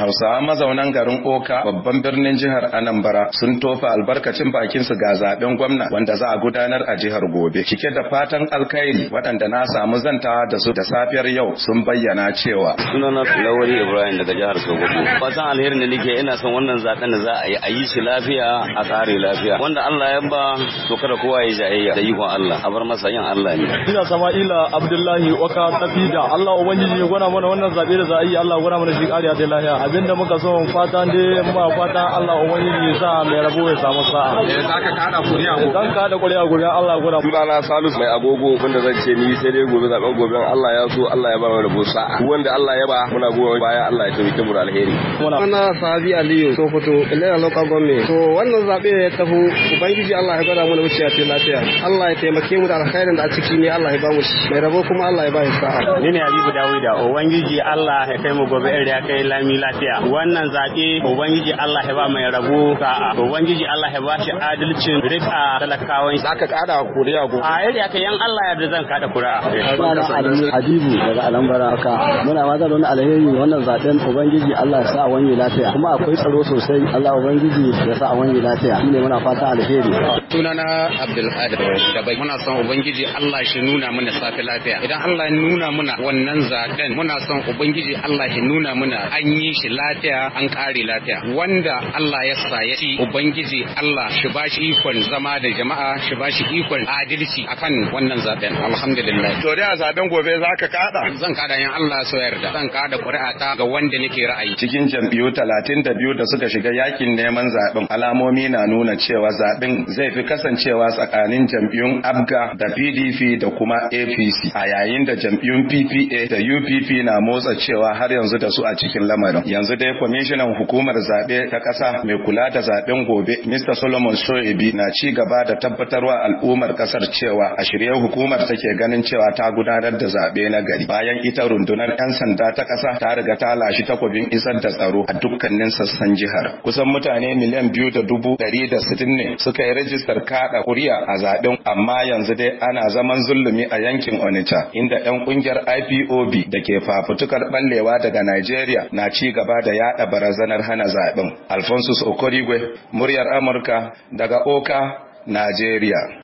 Hausawa mazaunan garin Oka babban birnin jihar Anambra sun tofa albarkacin bakin su ga zaben gwamna wanda za a gudanar a jihar gobe. Cike da fatan alkhairi waɗanda na samu zantawa da su da safiyar yau sun bayyana cewa. Sunana Lawali Ibrahim daga jihar Sokoto. Fatan alheri da nake ina son wannan zaben da za a yi a yi shi lafiya a kare lafiya. Wanda Allah ya ba to kada kowa ya jayayya da ikon Allah a bar masa yin Allah ne. Ina Sama'ila Abdullahi Oka Tafida Allah ubangiji ya gwana mana wannan zabe da za a yi Allah gwana mana shi kariya da lafiya. abinda muka so mu fatan dai mu ba fatan Allah ubangiji ya sa mai rabo ya samu sa'a eh zaka kada kuriya ko dan kada kuriya guri Allah guda sunana Salisu mai agogo abinda zan ce ni sai dai gobe zaben gobe Allah ya so Allah ya ba mu rabo sa'a wanda Allah ya ba muna goyon baya Allah ya tabbata mu da alheri sunana Sabi Aliyu Sokoto Ilera Local Government to wannan zabe ya tafi ubangiji Allah ya gada mu da wuciya ce lafiya Allah ya taimake mu da alkhairin da a ciki ne Allah ya ba mu mai rabo kuma Allah ya ba mu sa'a ni ne Habibu Dawuda ubangiji Allah ya kai mu gobe irin da kai lami lafiya lafiya wannan zaɓe ubangiji Allah ya ba mai rabo sa'a ubangiji Allah ya ba shi adalcin rika talakawan za ka kada kuriya go a yadda aka yan Allah ya da zan kada kuriya Habibu daga Alambara ka muna ma zalon alheri wannan zaben ubangiji Allah ya sa wani lafiya kuma akwai tsaro sosai Allah ubangiji ya sa wani lafiya shine muna fata alheri sunana Abdul Hadi da bai muna son ubangiji Allah shi nuna mana safi lafiya idan Allah ya nuna mana wannan zaben muna son ubangiji Allah ya nuna mana an yi shi lafiya an kare lafiya wanda Allah ya sa ya ci ubangiji Allah shi ba shi ikon zama da jama'a shi ba shi ikon adalci akan wannan zaben alhamdulillah to da zaben gobe zaka kada zan kada yan Allah so yarda zan kada ta ga wanda nake ra'ayi cikin jam'iyyu talatin da biyu da suka shiga yakin neman zaben alamomi na nuna cewa zaben zai fi kasancewa tsakanin jam'iyyun Abga da PDP da kuma APC a yayin da jam'iyyun PPA da UPP na motsa cewa har yanzu da su a cikin lamarin yanzu dai kwamishinan hukumar zaɓe ta ƙasa mai kula da zaɓen gobe mr solomon shoebi na ci gaba da tabbatarwa al'ummar ƙasar cewa a shirye hukumar take ganin cewa ta gudanar da zaɓe na gari bayan ita rundunar 'yan sanda ta ƙasa ta riga ta lashi takobin isar da tsaro a dukkanin sassan jihar kusan mutane miliyan biyu da dubu ɗari da sittin ne suka yi rajistar kaɗa kuri'a a zaɓen amma yanzu dai ana zaman zulumi a yankin onitsha inda 'yan ƙungiyar ipob da ke fafutukar ɓallewa daga Najeriya na ci gaba da yada barazanar hana zaben alphonsus okorigwe muryar amurka daga oka najeriya